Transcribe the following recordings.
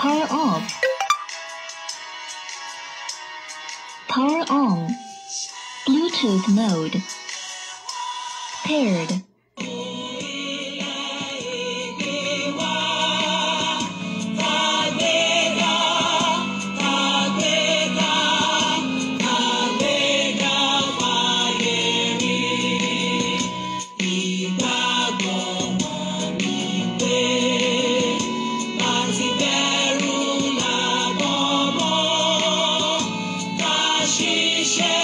Power off. Power on. Bluetooth mode. Paired. cisza.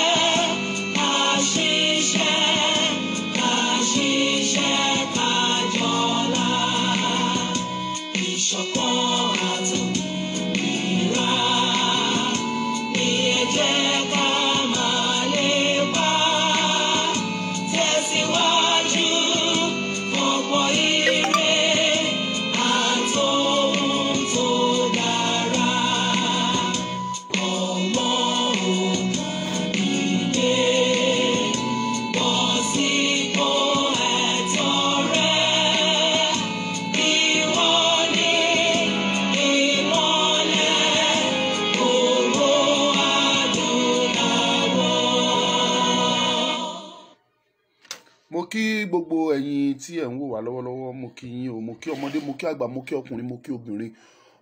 kí gbogbo ẹ̀yin tí ẹ̀ ń wò wá lọ́wọ́lọ́wọ́ mo kí yín o mo kí ọmọdé mo kí àgbà mo kí ọkùnrin mo kí obìnrin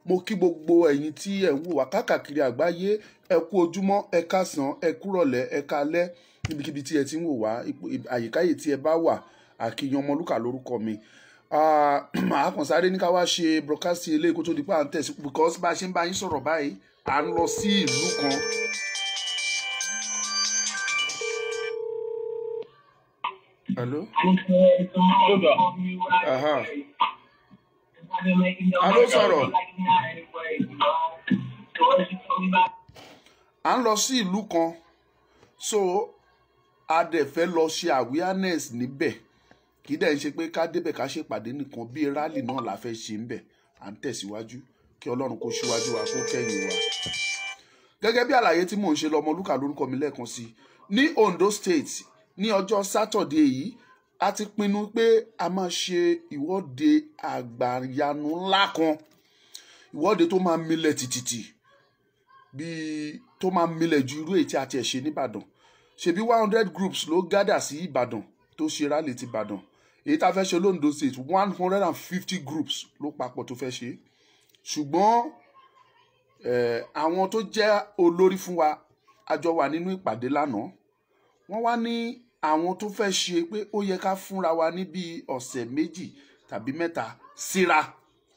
mo kí gbogbo ẹ̀yin tí ẹ̀ ń wò wá káàkiri àgbáyé ẹ kú ojúmọ́ ẹ kásán ẹ kúrọ̀lẹ́ ẹ kálẹ́ níbikíbi tí ẹ ti ń wò wá àyíkáyè tí ẹ bá wà àkíyan ọmọlúkà lórúkọ mi màá kàn sáré ní ká wá ṣe broadcasting eléyìí kó tó di pé because bá a ṣe ń bá yín sọ̀rọ̀ báyìí à ń lọ sí ìlú kan Hello? Hold Uh-huh. Hello, sọ̀rọ̀. À ń lọ sí ìlú kan. So, a dẹ̀ fẹ́ lọ ṣe awareness níbẹ̀. Kì í dẹ̀ ń ṣe pé ká débẹ̀ ká ṣèpàdé nìkan bí rálì náà la fẹ́ ṣe ń bẹ̀. À ń tẹ̀síwájú kí ọlọ́run kó ṣíwájú wa kó kẹ́yìn wa. Gẹ́gẹ́ bí àlàyé tí mò ń ṣe lọ lórúkọ mi lẹ́ẹ̀kan sí ní Ondo State ní ọjọ́ sátọ̀dé yìí a ti pinnu pé a máa ṣe ìwọ́de àgbàyanu ńlá kan ìwọ́de tó máa milẹ̀ tìtìtì bíi tó máa milẹ̀ ju irú èyí tí a tiẹ̀ ṣe nìbàdàn ṣebí one hundred groups ló gádà sí ìbàdàn tó ṣe rálì ti ìbàdàn èyí tá a fẹ́ ṣe londo state one hundred and fifty groups ló papọ̀ tó fẹ́ ṣe ṣùgbọ́n eh, àwọn tó jẹ́ olórí fún wa a wà nínú ìpàdé lánàá wọ́n wá ní àwọn tó fẹ́ ṣe pé ó yẹ ká fúnra wa ní bíi ọ̀sẹ̀ méjì tàbí mẹ́ta síra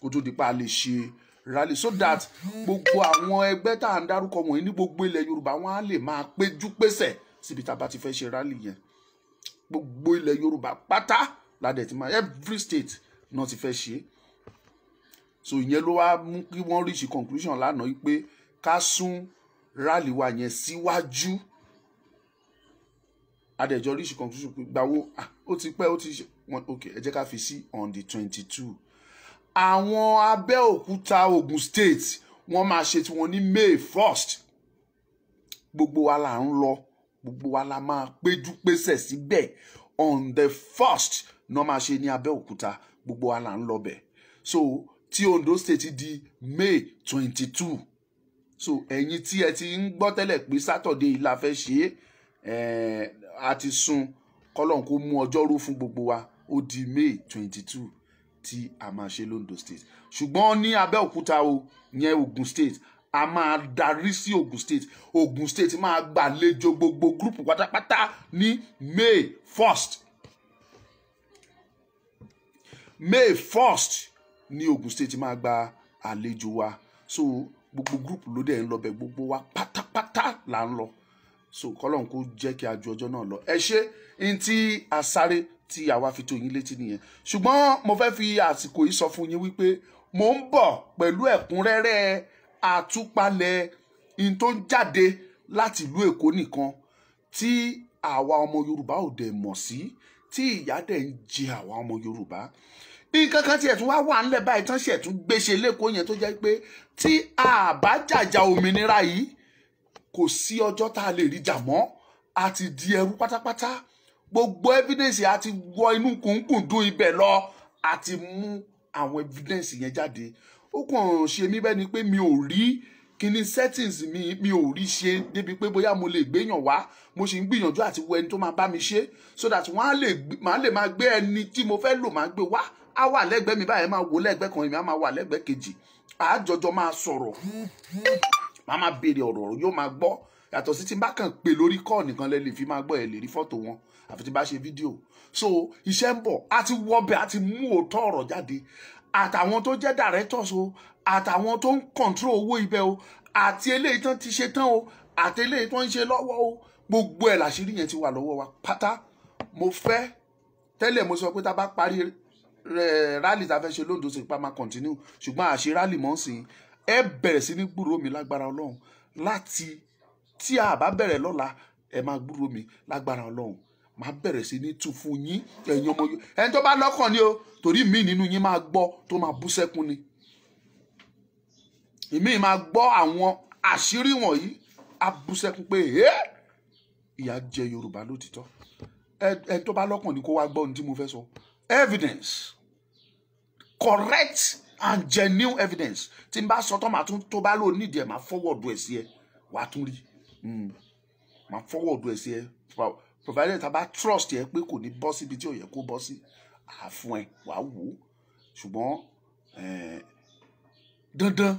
kó tó di pa lè ṣe rally so that gbogbo àwọn ẹgbẹ́ tá à ń dárúkọ wọ̀nyí ní gbogbo ilẹ̀ Yorùbá wọn á lè máa péjú pésẹ̀ síbi tá a bá ti fẹ́ ṣe rally yẹn gbogbo ilẹ̀ Yorùbá pátá ládẹ̀ ti máa every state náà ti fẹ́ ṣe é so ìyẹn ló wá mú kí wọ́n reach conclusion lánàá pé ká sún rally wa yẹn síwájú adẹjọ ríṣì conclusion pé gbàwó ó ti pẹ́ ó ti ṣe wọn ok ẹ jẹ́ ká fi sí on the twenty two àwọn Abẹ́òkúta Ògùn state wọ́n máa ṣe tiwọn ní May first gbogbo wa là ń lọ gbogbo wa la máa péjú pésẹ̀ síbẹ̀ on the first náà máa ṣe ní Abẹ́òkúta gbogbo wa là ń lọ bẹ̀ so tí Ondo state di May twenty two so ẹ̀yin tí ẹ ti ń gbọ́ tẹ́lẹ̀ pé Saturday la fẹ́ ṣe é àti sun kọ́lọ́n kó mú ọjọ́rú fún gbogbo wa ó di may twenty two tí a máa ṣe londo state ṣùgbọ́n ní abẹ́òkúta o yẹn ogun state a máa darí sí ogun state ogun state máa gbàlejò gbogbo gúrùpù pátápátá ní may first may first ní ogun state máa gba àlejò wa so gbogbo group ló dẹ̀ ń lọ bẹ̀ gbogbo wa pátápátá là ń lọ so kọ́lọ́n kó jẹ́ kí a ju ọjọ́ náà lọ ẹ ṣe n tí a sáré tí àwa fi tó yín létí nìyẹn ṣùgbọ́n mo fẹ́ fi àsìkò yìí sọ fún yín wípé mo ń bọ̀ pẹ̀lú ẹ̀kúnrẹ́rẹ́ àtúpalẹ̀ n tó ń jáde láti ìlú Èkó nìkan tí àwa ọmọ Yorùbá ò dẹ̀ mọ̀ sí tí ìyà dẹ̀ ń jẹ àwa ọmọ Yorùbá nǹkan kan tiẹ̀ tún wá wà ńlẹ̀ báyìí tán ṣẹ̀ tún gbéṣe lẹ́kọ̀ọ́ yẹn tó jẹ́ pé tí àbájájá òmìnira yìí kò sí ọjọ́ tá a lè rí jà mọ́ a ti di ẹrú pátápátá gbogbo evidence a ti wọ inú kùnkùndùn ibẹ̀ lọ a ti mú àwọn evidence yẹn jáde ó kàn ṣe mí bẹ́ẹ̀ ni pé mi ò rí kíní settings mi mi ò rí ṣe débi pé bóyá mo lè gbéyàn wá mo sì ń gbìyànjú àti wo ẹni tó máa bá mi ṣe so that wọ́n á lè máa lè máa gbé ẹni tí mo fẹ́ lò máa gbé wá á wà lẹ́gbẹ̀ẹ́ mi báyìí máa wò lẹ́gbẹ̀ẹ́ kan èmi á máa wà lẹ́gbẹ̀ẹ́ kejì àá jọjọ máa sọ̀rọ̀ màá máa béèrè ọ̀rọ̀ yóò máa gbọ́ yàtọ̀ sí ti bá kàn pé lórí kọ́ nìkan lẹ́lẹ̀ fi máa gbọ́ ẹ̀ lè rí fọ́tò wọn àfi ti bá ṣe fídíò so iṣẹ́ ń bọ̀ a ti wọbẹ̀ a ti mú òótọ́ ọ̀rọ̀ jáde àtàwọn tó jẹ́ directors o àtàwọn tó ń control owó ibẹ̀ o àti eléyìí tán ti ṣe tán o àti eléyìí tán ń ṣe lọ́wọ́ o gbogbo ẹ̀ làṣírí yẹn ti wà lọ́wọ́ wa pátá mo fẹ́ tẹ́lẹ̀ mo sọ pé tá a bá parí rally tá a fẹ́ ṣe lóńdó sí pa máa continue ṣùgbọ́n àṣe rally mọ́ sí ẹ bẹ̀rẹ̀ sí ní gbúrò mi lágbára ọlọ́run láti tí a bá bẹ̀rẹ̀ lọ́la ẹ máa gbúrò mi lágbára ọlọ́run máa bẹ̀rẹ̀ sí ní tún fún yín ẹ̀yin ọmọ yín ẹni tó bá lọ́kàn ni o torí míì nínú yín máa gbọ́ tó máa bú sẹ́kún ni ìmíì máa gbọ́ àwọn àṣírí wọ̀nyí á bú sẹ́kún pé ẹ́ ìyá jẹ Yorùbá lótìtọ́ ẹni tó bá lọ́kàn ni kó wá gbọ́ ohun tí mo fẹ́ sọ evidence correct and genuine evidence tí n bá sọ tán màá tún tó bá lò nídìí ẹ màá fọwọ́dù ẹ sí ẹ wàá tún rí hmm. màá fọwọ́dù ẹ sí ẹ provided tá bá trust yẹ pé kò ní bọ́ síbi tí ò yẹ kó bọ́ sí àfún ẹ wàá wò ó ṣùgbọ́n eh, dandan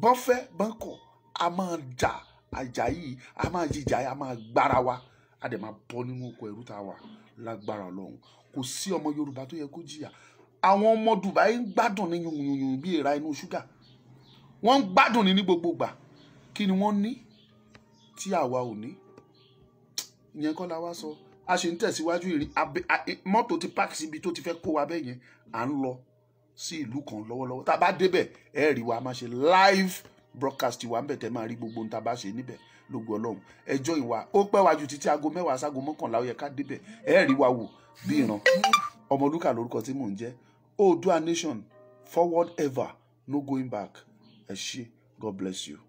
bọ́fẹ́ bọ́kọ̀ a máa jà àjà yìí a máa jìjà a máa gbára wa a dẹ̀ máa bọ́ nínú oko ẹrú tá wà lágbára ọlọ́run kò sí ọmọ yorùbá tó yẹ kó jìyà àwọn ọmọ Dubai ń gbádùn ní yùnyùnyùn bí èèrà inú ṣúgà wọ́n ń gbádùn ní ní gbogbo gbà kí ni wọ́n ní tí àwa ò ní ìyẹn kọ́ la wá sọ a ṣe ń tẹ̀síwájú ìrìn mọ́tò ti páàkì síbi tó ti fẹ́ kó wa bẹ́ẹ̀ yẹn à ń lọ sí ìlú kan lọ́wọ́lọ́wọ́ tá a bá débẹ̀ ẹ rí wa máa ṣe live broadcast wa ń bẹ̀ tẹ́ máa rí gbogbo ohun tá a bá ṣe níbẹ̀ lógo ọlọ́run ẹjọ́ ìwà ó pẹ́ wájú títí aago mẹ́wàá ságo mọ́kànlá ó yẹ ká débẹ̀ ẹ rí wa wò bí ìran ọmọlúkà lórúkọ tí mò ń do oòdua nation forward ever no going back ẹ ṣé god bless you.